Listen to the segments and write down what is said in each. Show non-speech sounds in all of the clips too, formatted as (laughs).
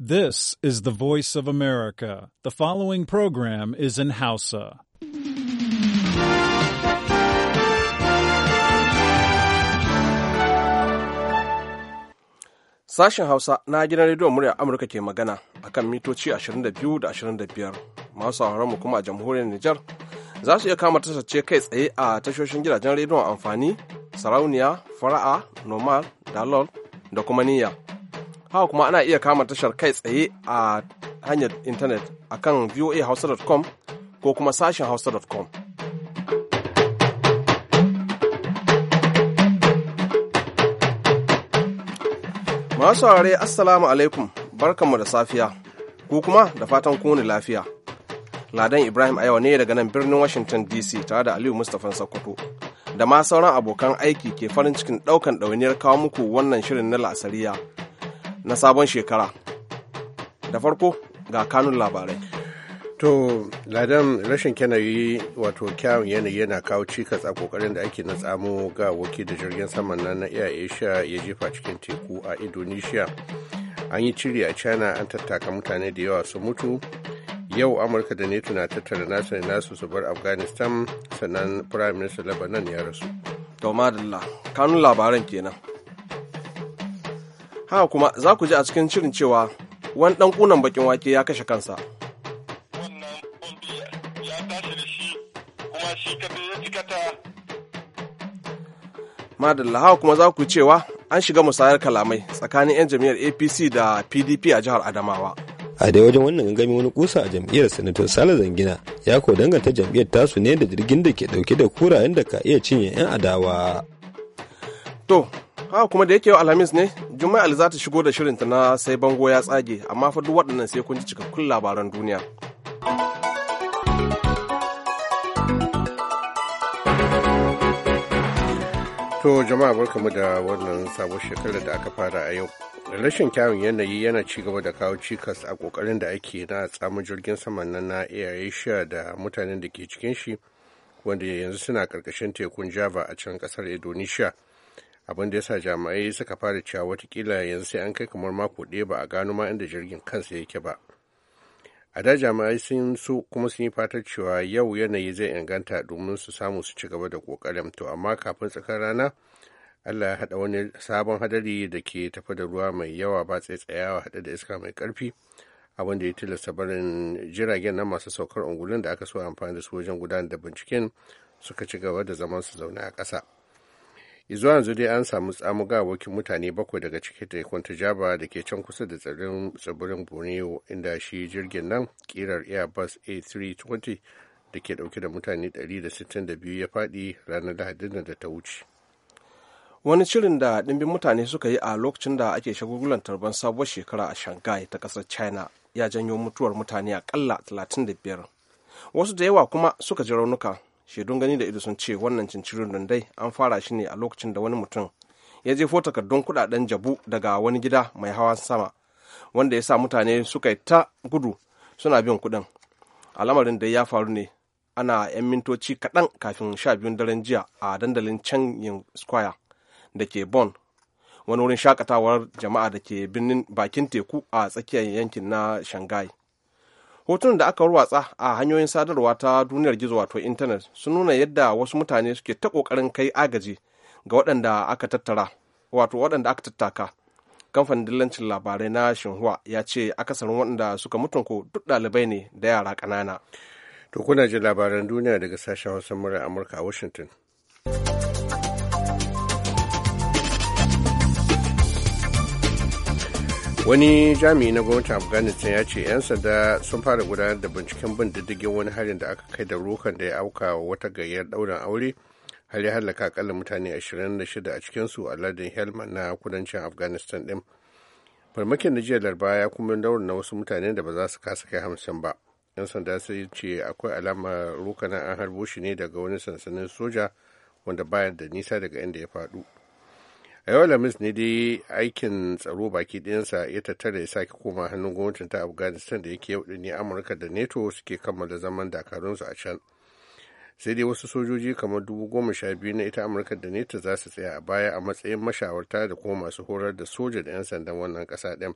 This is the voice of America. The following program is in Hausa. Sashen Hausa na gidan rediyon murya Amurka ke magana a kan mitoci 22 da 25 masu mu kuma a jamhuriyar Nijar za su iya kama tasarce kai tsaye a tashoshin gidajen rediyon amfani, sarauniya, fara'a, normal, dalol da kuma niyya. haka kuma ana iya kama tashar kai tsaye a hanyar intanet a kan voahausa.com ko kuma sashen hausa.com. Masu saurare Assalamu alaikum barkanmu da safiya, ku kuma da fatan kuni lafiya. Ladan Ibrahim a yau ne daga nan birnin Washington DC tare da Aliyu Mustapha Sokoto. Da ma sauran abokan aiki ke farin cikin ɗaukan ɗawainiyar kawo muku wannan shirin na la'asariya na sabon shekara da farko ga kanun labarai to ladan rashin kyanayi wato kyawun yanayi yana kawo cikas a kokarin da ake na tsamo ga waki da jirgin saman nan na iya asia ya jefa cikin teku a indonesia an yi ciri a china an tattaka mutane da yawa su mutu yau amurka da neto na tattara nasu nasu su bar afghanistan sannan prime minister lebanon ya rasu to kanun labaran kenan haka kuma za ku ji a cikin shirin cewa wani ɗan ƙunan bakin wake ya kashe kansa. Wannan kuma shi Madalla haka kuma za ku cewa an shiga musayar kalamai tsakanin 'yan jam'iyyar APC da PDP a jihar Adamawa. a dai wajen wannan gangami wani kusa a jam'iyyar sanato sale zangina ya ko danganta jam'iyyar tasu ne da jirgin da ke dauke da kura da ka iya cinye 'yan adawa to haka kuma da yake yau alhamis ne Jummai Ali za ta shigo da shirinta na sai bango ya tsage, amma fa duk waɗannan sai kun ji cikakkun labaran duniya. To jama'a barkamu da wannan sabon shekarar da aka fara a yau. Rashin kyawun yanayi yana ci gaba da kawo cikas a kokarin da ake na tsamin jirgin saman nan na Air Asia da mutanen da ke cikin shi wanda yanzu suna karkashin tekun Java a can kasar Indonesia. abin da ya sa jami'ai suka fara cewa watakila yanzu sai an kai kamar mako ɗaya ba a gano ma inda jirgin kansa yake ba a da jami'ai sun so kuma sun yi fatar cewa yau yanayi zai inganta domin su samu su ci gaba da kokarin to amma kafin tsakar rana allah ya haɗa wani sabon hadari da ke tafi da ruwa mai yawa ba tsayawa haɗe da iska mai ƙarfi abin da ya tilasta barin jiragen nan masu saukar ungulun da aka so amfani da su wajen gudanar da binciken suka ci gaba da zaman su zaune a ƙasa zuwa yanzu dai an samu tsamugawakin mutane bakwai daga cikin tekun jaba da ke can kusa da tsibirin tsibirin borneo inda shi jirgin nan kirar airbus a320 da ke dauke da mutane 162 ya fadi ranar lahadin da ta wuce wani shirin da dimbin mutane suka yi a lokacin da ake shagulgulan tarban sabuwar shekara a shanghai ta kasar china ya janyo mutuwar mutane kalla 35 wasu da yawa kuma suka ji raunuka shaidun gani da ido sun ce wannan cincirin dai an fara shi ne a lokacin da wani mutum ya jefo takardun kudaden jabu daga wani gida mai hawan sama wanda ya sa mutane suka yi ta gudu suna bin kuɗin al'amarin da ya faru ne ana 'yan mintoci kaɗan kafin sha biyun daren jiya a dandalin canyin square da ke bon wani wurin shakatawar jama'a da ke birnin bakin teku a tsakiyar yankin na shanghai hotunan da aka warwatsa a hanyoyin sadarwa ta duniyar gizo wato intanet sun nuna yadda wasu mutane suke ta kokarin kai agaji ga waɗanda aka tattara wato waɗanda aka tattaka kamfanin dillancin labarai na shinhua ya ce akasarin waɗanda suka mutunku duk ɗalibai ne da yara ƙanana to kuna ji labaran duniya daga sashen hausa murar amurka a washington wani jami'i na gwamnatin afghanistan ya ce 'yan sanda sun fara gudanar da binciken bin diddigin wani harin da aka kai da rokan da ya auka wata gayyar ɗaurin aure har ya hallaka akalla mutane 26 a cikinsu a lardin helmand na kudancin afghanistan din farmakin na jiya larba ya kuma daura na wasu mutane da ba za su kasa kai hamsin ba yan sanda sai ce akwai alama rokana an harbo shi ne daga wani sansanin soja wanda bayan da nisa daga inda ya faɗu a yau lamis ne dai aikin tsaro baki ɗayansa ya tattara ya sake koma hannun gwamnatin ta afghanistan da yake yau ne amurka da nato suke kammala zaman dakarunsu a can sai dai wasu sojoji kamar dubu goma sha biyu na ita amurka da nato za su tsaya a baya a matsayin mashawarta da kuma masu horar da soja da 'yan sandan wannan ƙasa ɗin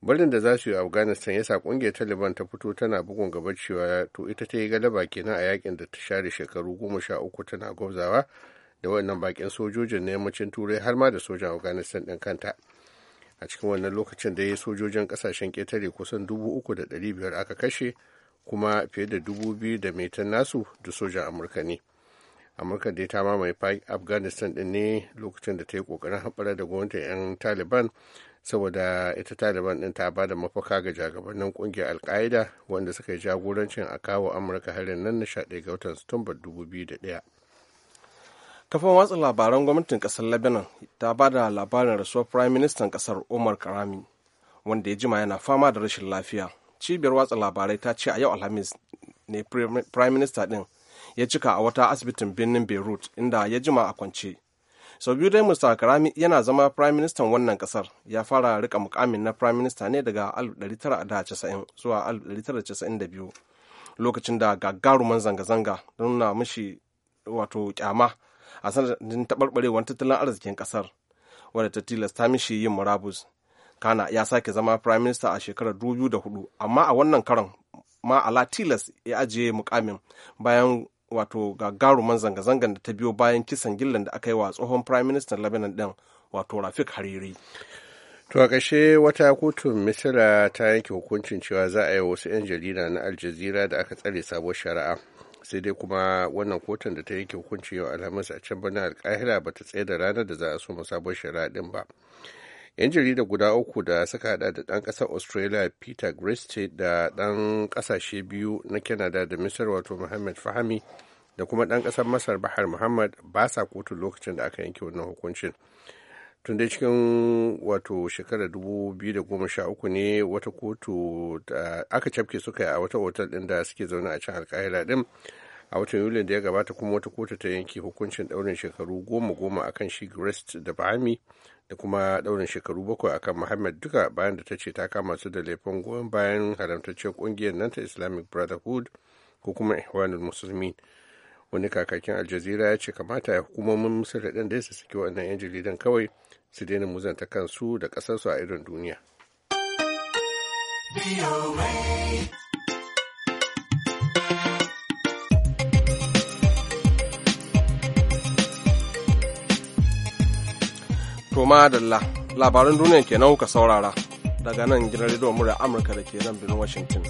barin da za su yi afghanistan yasa kungiyar taliban ta fito tana bugun gaba cewa to ita ta yi galaba kenan a yakin da ta share shekaru goma sha uku tana gwabzawa da wannan bakin sojojin na yammacin turai har ma da sojan afghanistan din kanta a cikin wannan lokacin da ya sojojin kasashen ketare kusan dubu uku da ɗari biyar aka kashe kuma fiye da dubu biyu da metan nasu da sojan amurka ne amurka dai ta mamaye afghanistan din ne lokacin da ta yi kokarin haɓara da gwamnatin 'yan taliban saboda ita taliban din ta bada mafaka ga jagabannin kungiyar alka'ida wanda suka yi jagorancin a kawo amurka harin nan na 11 ga watan satumbar ɗaya. kafin watsa labaran gwamnatin kasar lebanon ta ba da labarin rasuwar prime ministan kasar Umar karami wanda ya jima yana fama da rashin lafiya cibiyar watsa labarai ta ce a yau alhamis ne prime minister din ya cika a wata asibitin birnin beirut inda ya jima a kwance sau biyu dai musta karami yana zama prime minister wannan kasar ya fara rika mukamin na prime minister ne daga 1990 zuwa 1992 lokacin da gagaruman zanga-zanga nuna mishi wato kyama a sanadin taɓarɓarewar tattalin arzikin ƙasar wadda ta tilasta mishi yin murabus kana ya sake zama prime minister a shekarar 2004 amma a wannan karan ma ala tilas ya ajiye mukamin bayan wato gagaruman zanga-zangar da ta biyo bayan kisan gillan da aka yi wa tsohon prime minister lebanon din wato rafik hariri to a ƙashe wata kotun misira ta yanke hukuncin cewa za a yi wasu 'yan jarida na aljazeera da aka tsare sabuwar shari'a sai dai kuma wannan kotun da ta yanke hukunci yau alhamis a can birnin alkahira ba ta tsaye da ranar da za a so mu sabon shari'a din ba yan jarida guda uku da suka hada da dan kasar australia peter griste da dan kasashe biyu na canada da misir wato muhammad fahmi da kuma dan kasar masar bahar muhammad ba sa kotun lokacin da aka yanke wannan hukuncin tun dai cikin wato shekarar 2013 ne wata kotu aka cafke suka a wata otal din da suke zaune a can alkahira din a watan yuli da ya gabata kuma wata kotu ta yanke hukuncin daurin shekaru goma goma akan shi grist da bahami da kuma daurin shekaru bakwai akan muhammad duka bayan da ta ce ta kama su da laifin goyon bayan haramtaccen kungiyar nan ta islamic brotherhood ko kuma ihwanul musulmi. wani kakakin aljazira ya ce kamata ya hukumomin ɗin da ya su saki wannan 'yan jaridan kawai su daina muzanta kansu da ƙasarsu a irin duniya To madalla labarin duniya kenan kuka saurara daga nan gidan rediyon murya Amurka da ke nan birnin Washington.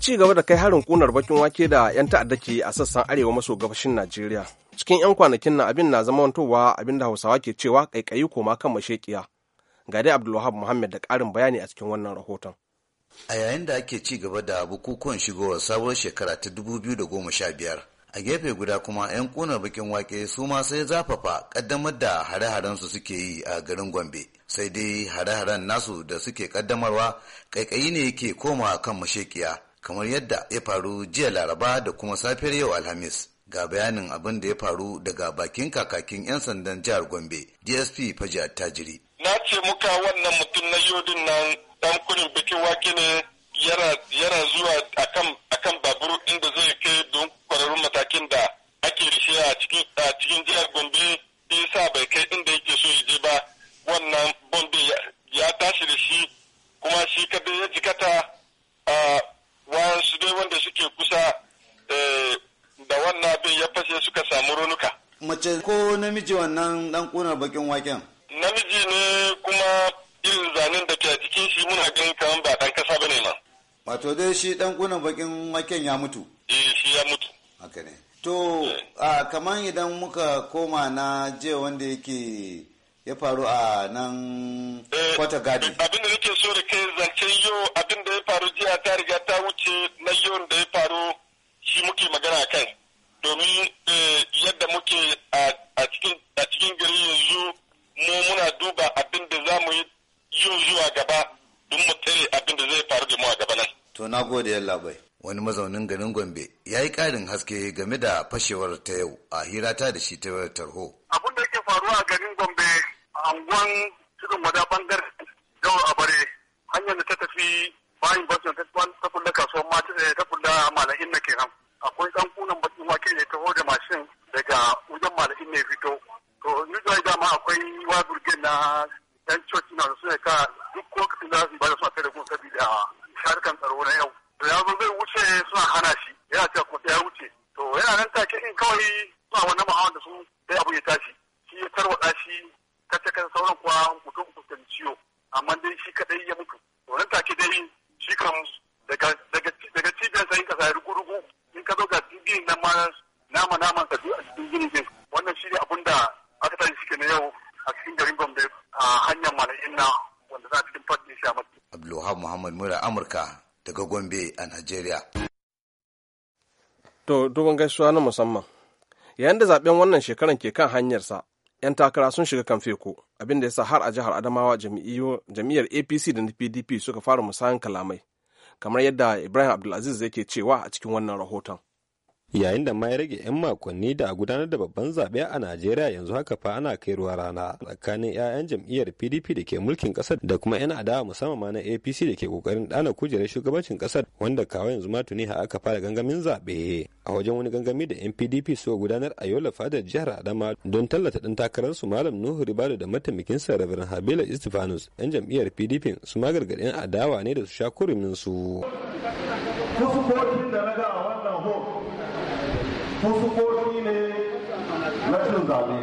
ci gaba da kai harin kunar bakin wake da 'yan ta'adda ke a sassan arewa maso gabashin Najeriya. Cikin 'yan kwanakin na abin na zama wantowa abin da Hausawa ke cewa kaikayi koma kan mashekiya. Ga dai Abdulwahab Muhammad da ƙarin bayani a cikin wannan rahoton. A yayin da ake ci gaba da bukukuwan shigowar sabuwar shekara ta 2015, a gefe guda kuma 'yan kunar bakin wake su ma sai zafafa kaddamar da hare-haren su suke yi a garin Gombe. Sai dai hare-haren nasu da suke kaddamarwa kaikayi ne yake koma kan mashekiya. kamar yadda ya faru jiya laraba da kuma safiyar yau alhamis ga bayanin abin da ya faru daga bakin kakakin 'yan sandan jihar gombe dsp fajiya tajiri na ce muka wannan mutum na yodin nan dan kurin bikin wake ne yana zuwa akan akan babur inda zai kai don kwararrun matakin da ake rishe a cikin a cikin jihar gombe sa bai kai inda yake so ya je ba wannan bombe ya tashi da shi kuma shi kadai ya jikata wayansu dai wanda suke kusa eh, da wannan abin ya fashe suka samu runuka. Mace ko namiji wannan dan kunar bakin waken? Namiji ne kuma irin zanen da ke a jikin shi muna ganin kamar ba dan kasa bane ma. Wato dai shi dan kunar bakin waken ya mutu? Eh shi ya mutu. Haka ne. To, eh. kamar idan muka koma na je wanda yake ya faru a nan kwata eh, gadi abin da nake so da kai zance yau abin da ya faru jiya ta riga ta wuce na yau da ya faru shi muke magana kai domin eh, yadda muke a cikin gari yanzu mu muna duba abin da za mu yi yau zuwa gaba don mu tare abin da zai faru da mu a gaba nan to na gode yalla bai wani mazaunin garin gombe ya yi ƙarin haske game da fashewar ta yau a hirata da shi ta tarho abin da yake faruwa a garin gombe angon tudun wada bangar gawar abare hanyar da ta tafi bayan bakin ta fulla kasuwar mata eh, ta fulla malahin na kenan akwai dan kunan bakin wake ne ta hoda mashin daga wajen malahin ne fito to ni da dama akwai wabirgen na yan coci na suna ka duk ko lokacin da su bada suna kai da kuma sabida sharukan tsaro na yau to ya zo zai wuce suna hana shi yana ce ko ya wuce to yana nan take in kawai suna wannan ma'awar da su dai abu ya tashi daga Gombe a Najeriya. To, dogon gaisuwa na musamman. Yayin da zaɓen wannan shekaran ke kan hanyarsa, 'yan takara sun shiga kan feko, abin da ya sa har a jihar Adamawa jam'iyyar APC da PDP suka fara musayan kalamai, kamar yadda Ibrahim Abdulaziz yake cewa a cikin wannan rahoton. yayin da ma ya rage 'yan makonni da a gudanar da babban zaɓe a najeriya yanzu haka fa ana kai ruwa rana tsakanin 'ya'yan jam'iyyar pdp da ke mulkin ƙasar da kuma 'yan adawa musamman ma na apc da ke ƙoƙarin ɗana kujerar shugabancin ƙasar wanda kawo yanzu ma tuni ha aka fara gangamin zaɓe a wajen wani gangami da 'yan pdp suka gudanar a yola fadar jihar adama don tallata ɗan takararsu malam nuhu ribado da sa rabarin habila istifanus 'yan jam'iyyar pdp su ma gargaɗin adawa ne da su sha kurumin su. fuskoki ne na cin zaɓe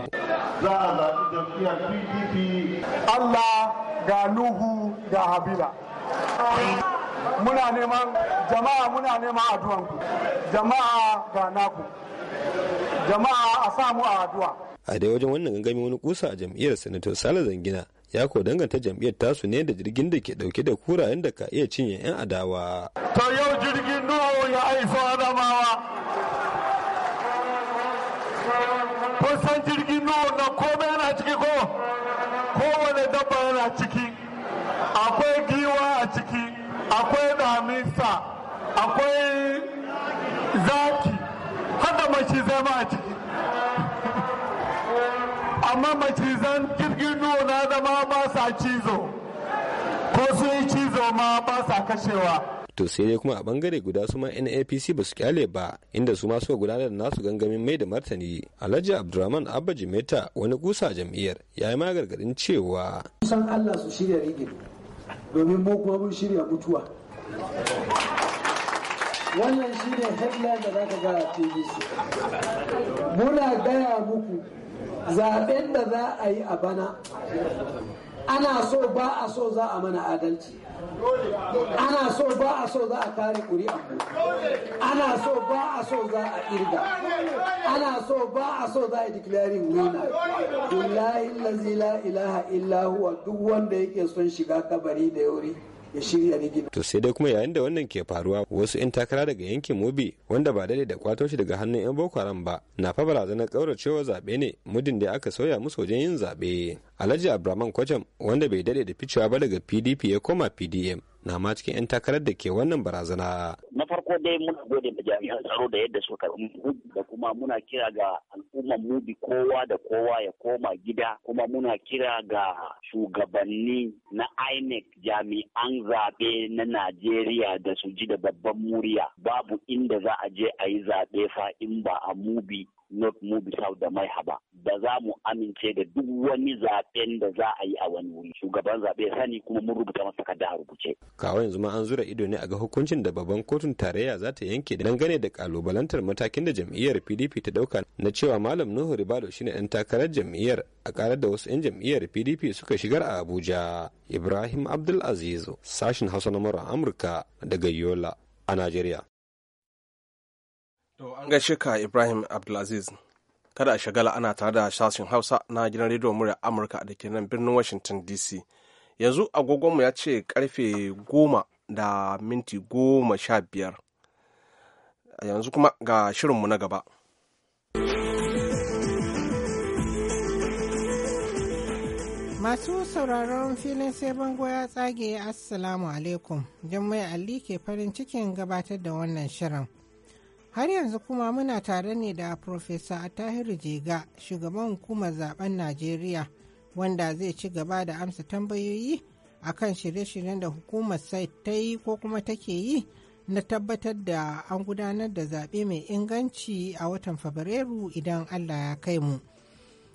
za a zaɓi jam'iyyar pdp allah ga nuhu ga habila muna neman jama'a muna neman addu'anku jama'a ga naku jama'a a samu a addu'a a dai wajen wannan gangami wani kusa a jam'iyyar sanato sale zangina ya ko danganta jam'iyyar tasu ne da jirgin da ke dauke da kurayen da ka iya cinye 'yan adawa Ta yau jirgin nuhu ya aifa akwai damisa akwai zaki hada macizai ma a ciki amma macizan jirgin nuwa na zama ba sa cizo ko sun yi cizo ma ba sa kashewa to sai dai kuma a bangare guda su ma NAPC ba su kyale ba inda su ma suka gudanar da nasu gangamin mai da martani Alhaji Abdulrahman Abba Jimeta wani kusa jam'iyyar ya yi magargadin cewa san Allah su shirya rigi domin mu kuma mun shirya mutuwa wannan shi ne headline da za ka gara tvc muna gaya muku zaɓen da za a yi a bana ana so ba a so za a mana adalci ana so ba a so za a kare ƙuri'a ana so ba a so za a irga ana so ba a so za a declaring winner billahi la ilaha illa huwa duk wanda yake son shiga kabari da yauri ya shirya gina. To sai dai kuma yayin da wannan ke faruwa wasu 'yan takara daga yankin Mobi wanda ba daidai da kwato shi daga hannun 'yan Boko Haram ba na fa barazanar kauracewa zaɓe ne muddin da aka sauya musu wajen yin zaɓe. Alhaji Abraman Kwajam wanda bai daɗe da ficewa ba daga PDP ya koma PDM na ma cikin 'yan takarar da ke wannan barazana. Na farko dai muna gode da jami'an tsaro da yadda suka da kuma muna kira ga al'ummar mu kowa da kowa ya koma gida kuma muna kira ga shugabanni na INEC jami'an zaɓe na Najeriya da su ji da babban muriya babu inda za a je a yi zaɓe fa in ba a mubi not mu sau da mai haba ba za mu amince da duk wani zaben da za a yi a wani wuri shugaban zaɓe sani kuma mun rubuta masa takarda a rubuce kawai yanzu ma an zura ido ne a ga hukuncin da babban kotun tarayya za ta yanke dangane da kalubalantar matakin da jam'iyyar PDP ta dauka na cewa malam Nuhu ribalo shine dan takarar jam'iyyar a karar da wasu 'yan jam'iyyar PDP suka shigar a Abuja Ibrahim Abdulaziz sashin Hausa na Amurka daga Yola a Najeriya To an gaishe ka Ibrahim Abdulaziz. Kada a shagala ana tare da sashen Hausa na gidan rediyon murya Amurka da ke nan birnin Washington DC. Yanzu agogonmu ya ce karfe goma da minti goma sha biyar. Yanzu kuma ga shirinmu na gaba. Masu sauraron filin sai bango ya tsage Assalamu alaikum. Jummai Ali ke farin cikin gabatar da wannan shirin. har yanzu kuma muna tare ne da profesa tahiru jega shugaban hukumar zaben najeriya wanda zai ci gaba da amsa tambayoyi a kan shirye-shiryen da hukumar sai ta yi ko kuma take yi na tabbatar da an gudanar da zaɓe mai inganci a watan fabrairu idan allah ya kai mu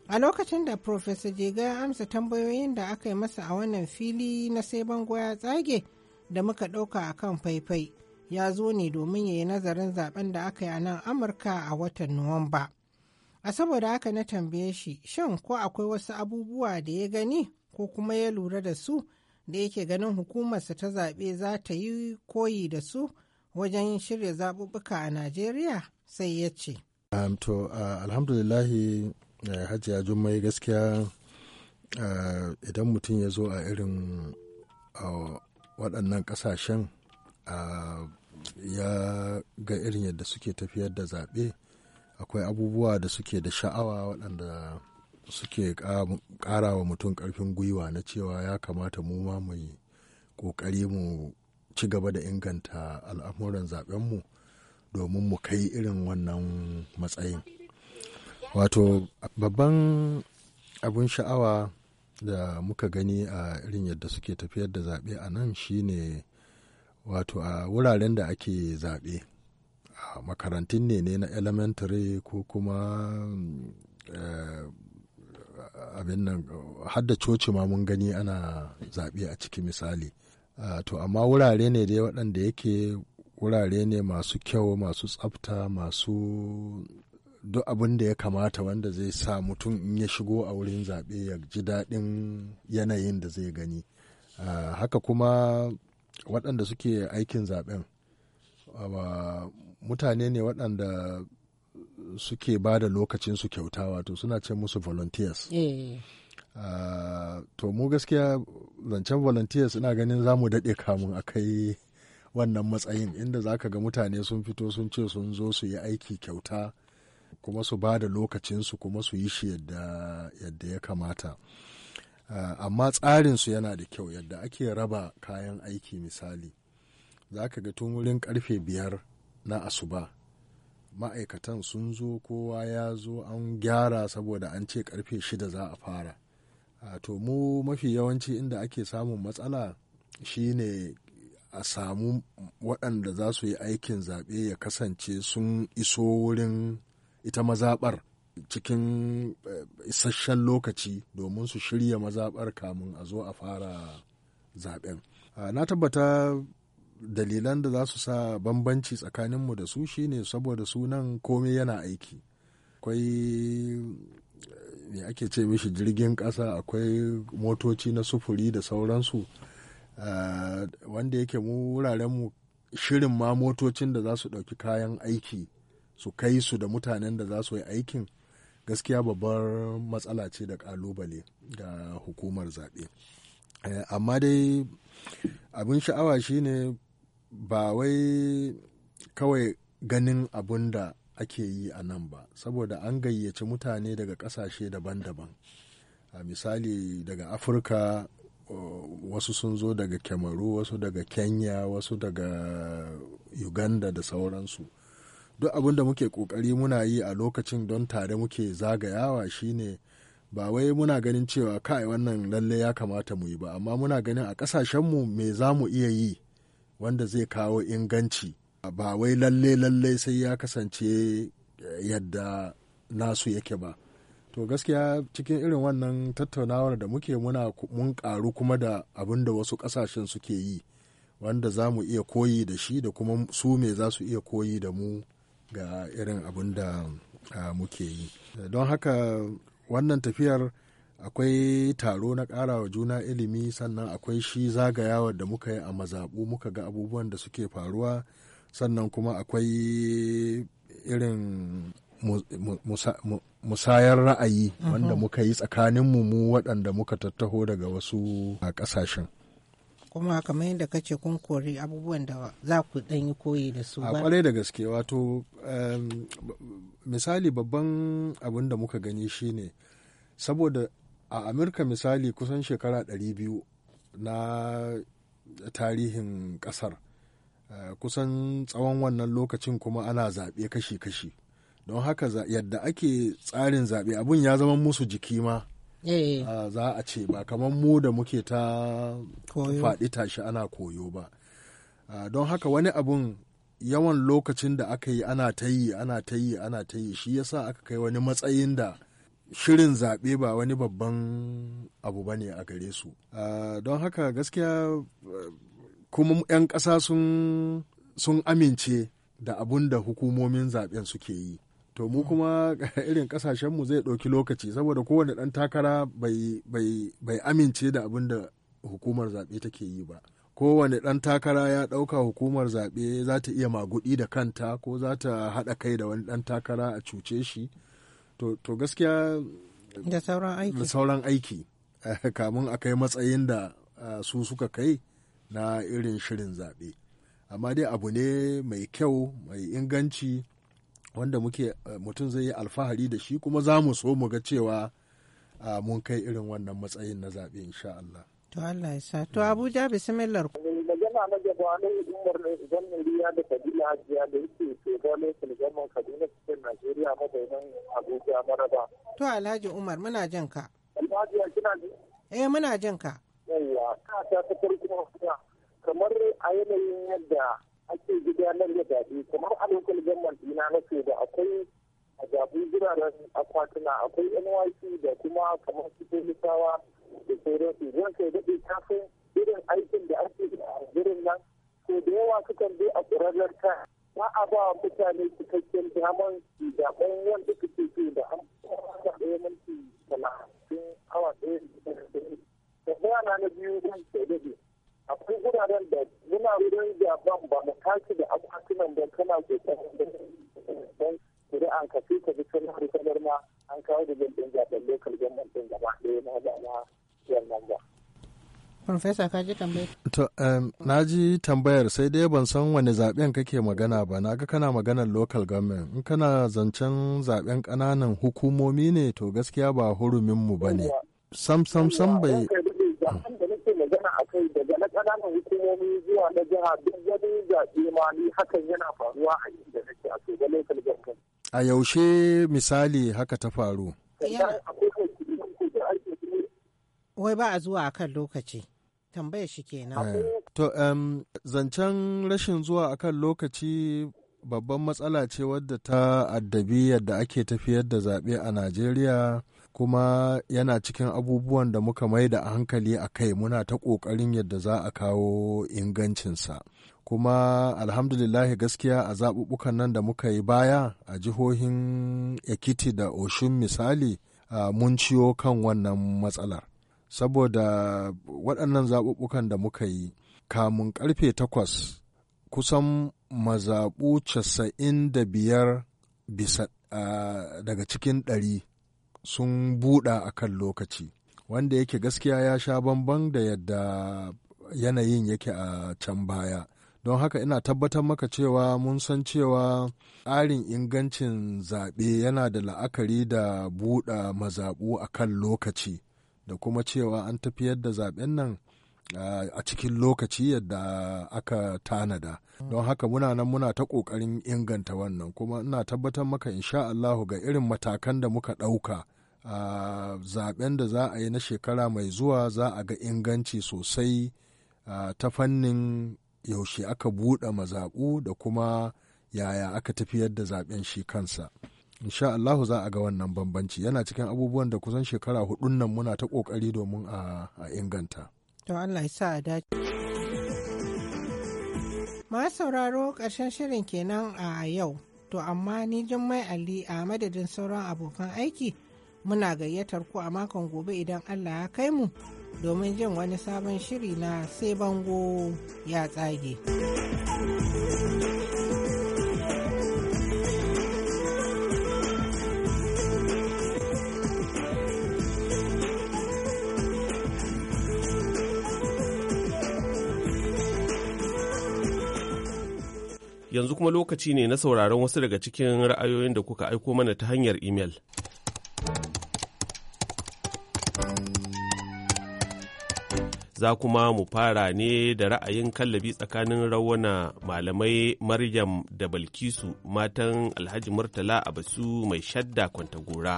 a lokacin da profesa jega ya amsa tambayoyin da aka yi masa a wannan fili na sai bango ya tsage da muka ɗauka a kan faifai ya zo ne domin ya yi nazarin zaben da aka yi a nan amurka a watan nuwamba a saboda haka na tambaye shi shan ko akwai wasu abubuwa da ya gani ko kuma ya lura da su da yake ganin hukumarsa ta zaɓe za ta yi koyi da su wajen shirya zaɓuɓɓuka a najeriya sai ya ce um, uh, alhamdulillahi uh, hajiya jummai gaskiya uh, idan mutum ya zo a irin waɗannan ƙasashen ya ga irin yadda suke tafiyar da zaɓe akwai abubuwa da suke da sha'awa waɗanda suke ƙara wa mutum ƙarfin gwiwa na cewa ya kamata mu ma mu ƙoƙari mu ci gaba da inganta al'amuran zaɓenmu domin mu kai irin wannan matsayin wato babban abin sha'awa da muka gani a irin yadda suke tafiyar da zaɓe a nan shine wato a wuraren da ake zaɓe a makarantun ne ne na elementary ko kuma eh, abin nan hadda coci ma mun gani ana zaɓe a ciki misali to amma wurare ne dai waɗanda yake wurare ne masu kyau masu tsafta masu duk abin da ya kamata wanda zai sa mutum in ya shigo a wurin zaɓe ya ji daɗin yanayin da zai gani haka kuma waɗanda suke aikin zaben mutane ne waɗanda suke ba da lokacinsu kyauta wato suna ce musu volunteers eh. ah, to mu gaskiya zancen volunteers ina ganin za mu daɗe kamun a kai wannan matsayin inda za ka ga mutane sun fito sun ce sun zo su yi aiki kyauta kuma su ba da lokacinsu kuma su yi shi yadda ya kamata Eh, amma tsarinsu yana da kyau yadda ake raba kayan aiki misali za ka ga tun wurin karfe biyar na asuba ma'aikatan sun zo kowa ya zo an gyara saboda an ce karfe shida za a fara eh, to mu mafi yawanci inda ake samun matsala shine a samu waɗanda za su yi aikin zaɓe ya kasance sun iso wurin ita mazaɓar cikin eh, isasshen lokaci domin su shirya mazaɓar kamun a zo a fara zaɓen. Ah, na tabbata dalilan da za su sa bambanci tsakaninmu da su shine saboda sunan komai yana aiki. Akwai eh, me ake ce mishi jirgin ƙasa akwai motoci na sufuri da sauransu ah, wanda yake mu wurarenmu shirin ma motocin da za su ɗauki kayan aiki su kai su da mutanen da za su yi aikin gaskiya babbar matsala ce da kalubale ga hukumar zaɓe eh, amma dai abin sha'awa shine ba wai kawai ganin abun da ake yi a nan ba saboda an gayyaci mutane daga ƙasashe daban-daban a misali daga afirka wasu sun zo daga kemaru wasu daga kenya wasu daga uganda da sauransu duk abin da muke kokari muna yi a lokacin don tare muke zagayawa shine ba wai muna ganin cewa kai wannan lalle ya kamata mu yi ba amma muna ganin a kasashenmu me za mu iya yi wanda zai kawo inganci ba wai lalle lalle sai ya kasance yadda nasu yake ba to gaskiya cikin irin wannan tattaunawar da muke muna mun karu kuma da abin da wasu kasashen suke yi wanda za mu iya koyi da shi da kuma su me za su iya koyi da mu ga irin abin da muke yi don haka wannan tafiyar akwai taro na ƙara wa juna ilimi sannan akwai shi zagayawa da muka yi a mazaɓu muka ga abubuwan da suke faruwa sannan kuma akwai irin musayar ra'ayi wanda muka yi tsakaninmu mu waɗanda muka tattaho daga wasu ƙasashen. kuma kamar yadda kace kun kori abubuwan da za ku dan yi koyi da su ba a da gaske wato misali babban abin da muka gani shine saboda a amurka misali kusan shekara 200 na tarihin kasar eh, kusan tsawon wannan lokacin kuma ana zaɓe kashi-kashi don haka yadda ake tsarin zaɓe abun ya zama musu jiki ma Eh. Ah, za a ce ba kamar mu da muke ta faɗi tashi ana koyo ba ah, don haka wani abun yawan lokacin da aka yi ana ta yi ana ta yi ana ta yi shi yasa aka kai wani matsayin da shirin zaɓe ba wani babban abu ba ne a gare su ah, don haka gaskiya kuma 'yan ƙasa sun amince da abun da hukumomin zaɓen suke yi to mu kuma (laughs) irin kasashenmu zai ɗauki lokaci saboda kowane ɗan takara bai amince da abin da hukumar zaɓe take yi ba kowane ɗan takara ya ɗauka hukumar zaɓe za ta iya maguɗi da kanta ko za ta haɗa kai da wani ɗan takara a cuce shi to gaskiya da sauran aiki da eh, (laughs) kamun a kai matsayin da eh, su suka kai na irin shirin zaɓe amma dai abu ne mai kyau mai inganci wanda muke eh, mutum zai yi alfahari da shi kuma za mu so mu ga cewa ah, mun kai irin wannan matsayin na zaɓe insha Allah. To Allah ya sa. To Abuja bismillah. Magana na gaba ne umar zannin riya da kabila hajiya da yake shugaba lokacin zaman Kaduna cikin Najeriya mazaunin Abuja Maraba. To Alhaji Umar muna jin ka. Alhaji kina ji? Eh muna jin ka. Yawwa, ka ta ta farko kamar a yanayin yadda ake gudanar da zaɓe kamar a local government na ce da akwai a zaɓi guraren akwatuna akwai nyc da kuma kamar su polisawa da su zan sai daɗe kafin irin aikin da ake a wurin nan ko da yawa sukan je a ƙurarren ta ba a ba mutane cikakken daman zaɓen wanda suke so da an fara ɗaya minti talatin awa ɗaya da ɗaya na na biyu zan sai daɗe akwai wuraren da muna wurin jaban ba mu tashi da akwatunan da kana kokarin da don kuri'an an sai ka ji sanar da ma an kawo da jirgin jaban lokal gwamnati gaba ɗaya na da na yan ba. ka ji tambayar? To, na ji tambayar sai dai ban san wani zaben kake magana ba, na ga kana maganar local government. In kana zancen zaben kananan hukumomi ne to gaskiya ba huruminmu ba ne. Sam sam sam bai ƙananan hukumomi zuwa na jiha duk wani zaɓe ma ni hakan yana faruwa a inda nake a to gane kalgar A yaushe misali haka ta faru? Wai ba a zuwa akan lokaci. Tambaya shi kenan. Eh, to, zancen rashin zuwa akan lokaci babban matsala ce wadda ta addabi yadda ake tafiyar da zaɓe a Najeriya kuma yana cikin abubuwan da muka mai da hankali a kai muna ta ƙoƙarin yadda za a kawo ingancinsa kuma alhamdulillahi gaskiya a zaɓuɓɓukan nan da muka yi baya a jihohin ekiti da oshun misali mun ciyo kan wannan matsalar saboda waɗannan zaɓuɓɓukan da muka yi kamun ƙarfe takwas kusan mazaɓu casa'in da biyar bisa daga cikin ɗari sun buɗa a kan lokaci wanda yake gaskiya ya sha bamban da yadda yanayin yake a can baya don haka ina tabbatar maka cewa mun san cewa tsarin ingancin zaɓe yana da la'akari da buɗa mazaɓu a kan lokaci da kuma cewa an tafiyar da zaɓen nan a cikin lokaci yadda aka tanada don haka muna nan muna ta ƙoƙarin inganta wannan kuma ina tabbatar maka insha Allahu ga irin matakan da muka ɗauka a zaben da za a yi na shekara mai zuwa za a ga inganci sosai ta fannin yaushe aka buɗe mazaɓu da kuma yaya aka tafiyar da zaben shi kansa insha Allahu za a ga wannan bambanci yana cikin abubuwan da kusan shekara hudun nan muna ta ƙoƙari domin a inganta. To Allah ya sa a dace. Ma sauraro ƙarshen shirin kenan a yau. To amma ni Jummai Ali a madadin sauran abokan aiki muna gayyatar ku a makon gobe idan Allah ya kai mu domin jin wani sabon shiri na sai bango ya tsage. yanzu kuma lokaci ne na sauraron wasu daga cikin ra'ayoyin da kuka aiko mana ta hanyar imel. Za kuma mu fara ne da ra'ayin kallabi tsakanin rawana malamai Maryam da Balkisu matan Alhaji Murtala a basu mai shadda kwantagora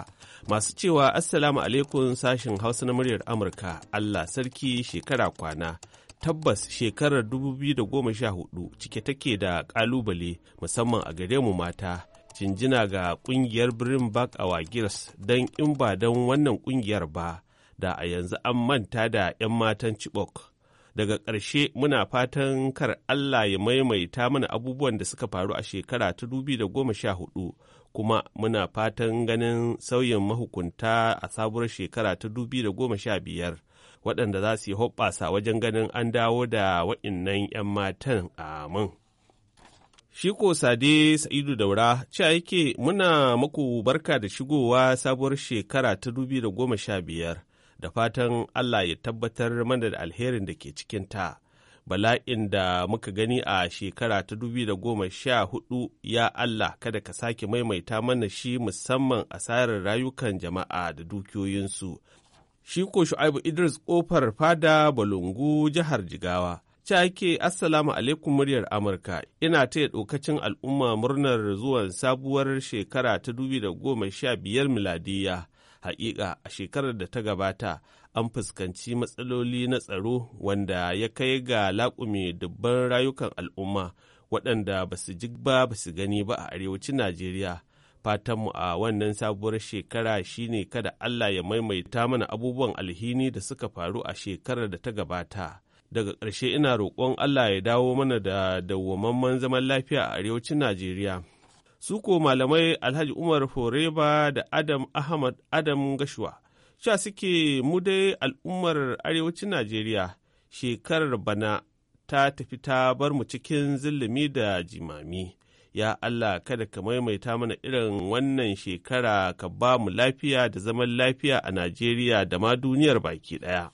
masu cewa Assalamu alaikum sashin Hausa na muryar Amurka Allah sarki shekara kwana. tabbas shekarar 2014 cike take da kalubale musamman a gare mu mata jinjina ga kungiyar birnin Birnbach a Wagirs don in ba don wannan kungiyar ba da a yanzu an manta da 'yan matan Chibok. Daga ƙarshe muna fatan kar Allah ya maimaita mana abubuwan da suka faru a shekara ta 2014 kuma muna fatan ganin sauyin mahukunta a sabuwar shekara ta 2015 waɗanda za su yi hoɓɓasa wajen ganin an dawo da waɗannan 'yan matan mun. Shi ko Sade Sa'idu Daura, ce yake muna maku barka da shigowa sabuwar shekara ta 2015 da fatan Allah ya tabbatar mana da alherin da ke cikinta. bala'in da muka gani a shekara ta goma sha hudu ya Allah kada ka sake maimaita mana shi musamman asarar rayukan jama'a da dukiyoyinsu. Shi ko Shu'aibu Idris ƙofar fada Balungu jihar Jigawa. ci ake Assalamu alaikum muryar Amurka, ina taya ɗaukacin al'umma murnar zuwan sabuwar shekara ta biyar miladiya. Haƙiƙa a shekarar da ta gabata an fuskanci matsaloli na tsaro wanda ya kai ga laƙume dubban rayukan al'umma waɗanda ba su ji ba ba su gani ba a arewacin najeriya fatanmu a wannan sabuwar shekara shine kada allah ya maimaita mana abubuwan alhini da suka faru a shekarar da ta gabata daga ƙarshe ina roƙon allah ya dawo mana da dawwamamman zaman lafiya a arewacin najeriya su malamai alhaji umar foreba da adam ahmad adam gashuwa Sha suke mu dai al'ummar arewacin Najeriya shekarar bana ta tafi ta bar mu cikin zillumi da jimami. Ya Allah kada ka maimaita mana irin wannan shekara ka ba mu lafiya da zaman lafiya a Najeriya da ma duniyar baki ɗaya.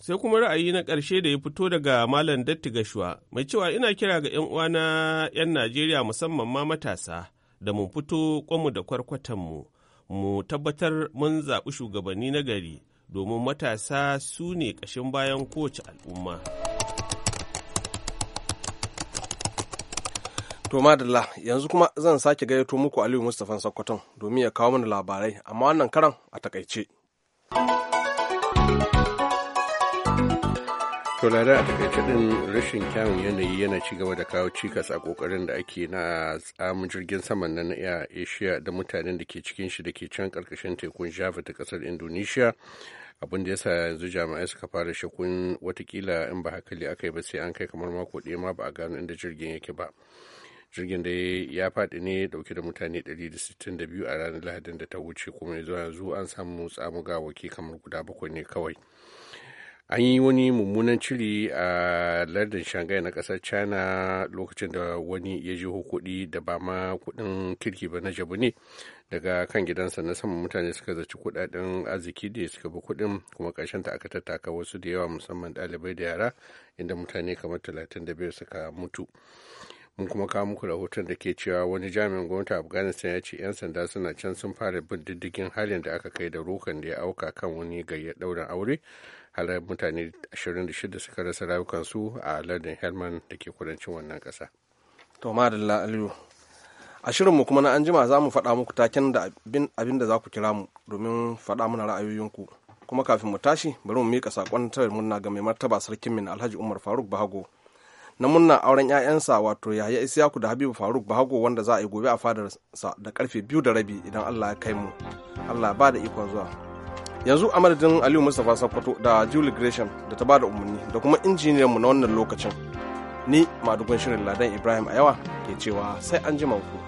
sai kuma ra'ayi na ƙarshe da ya fito daga Malam Datti Gashuwa, mai cewa ina kira ga 'yan uwana 'yan Najeriya musamman ma matasa da mu fito kwamu da kwarkwatanmu mu tabbatar mun zaɓi shugabanni na gari domin matasa su ne ƙashin bayan kowace al'umma. To madalla yanzu kuma zan sake gayyato muku Aliyu Mustapha Sokoton domin ya kawo mana labarai amma wannan karan a takaice. Tolada a takaice din rashin kyawun yanayi yana ci gaba da kawo cikas a kokarin da ake na tsamun jirgin saman na Air Asia da mutanen da ke cikin shi da ke can karkashin tekun Java ta kasar Indonesia. Abin da yasa yanzu jami'ai suka fara shakun watakila in ba hakali aka yi ba sai an kai kamar mako ɗaya ma ba a gano inda jirgin yake ba. Jirgin da ya faɗi ne dauke da mutane 162 a ranar Lahadin da ta wuce kuma zuwa yanzu an samu tsamu gawaki kamar guda bakwai ne kawai. an yi wani mummunan ciri a lardin shanghai na kasar china lokacin da wani ya ji kuɗi da ba ma kuɗin kirki ba na jabu ne daga kan gidansa na saman mutane suka zaci kuɗaɗen arziki da suka bi kuɗin kuma ta aka tattaka wasu da yawa musamman ɗalibai da yara inda mutane kamar talatin da biyar suka mutu mun kuma kawo muku rahoton da ke cewa wani jami'in gwamnati afghanistan ya ce 'yan sanda suna can sun fara bin diddigin halin da aka kai da rokan da ya auka kan wani gayyar ɗaurin aure halar mutane 26 suka rasa rayukansu a lardin helman da ke kudancin wannan kasa. to madalla aliyu a shirinmu kuma na anjima za mu faɗa muku taken da abin da za ku kira mu domin faɗa mana ra'ayoyinku kuma kafin mu tashi bari mu miƙa saƙon tare murna ga mai martaba sarkin min alhaji umar faruk bahago na murna auren 'ya'yansa wato yahaya isiyaku da habibu faruk bahago wanda za a yi gobe a fadarsa da karfe biyu da rabi idan allah ya kai mu allah ba da ikon zuwa yanzu a madadin aliyu mustapha sakwato da julie gresham da ta bada umarni da kuma mu na wannan lokacin ni madugun shirin ladan ibrahim a yawa ke cewa sai an jima ku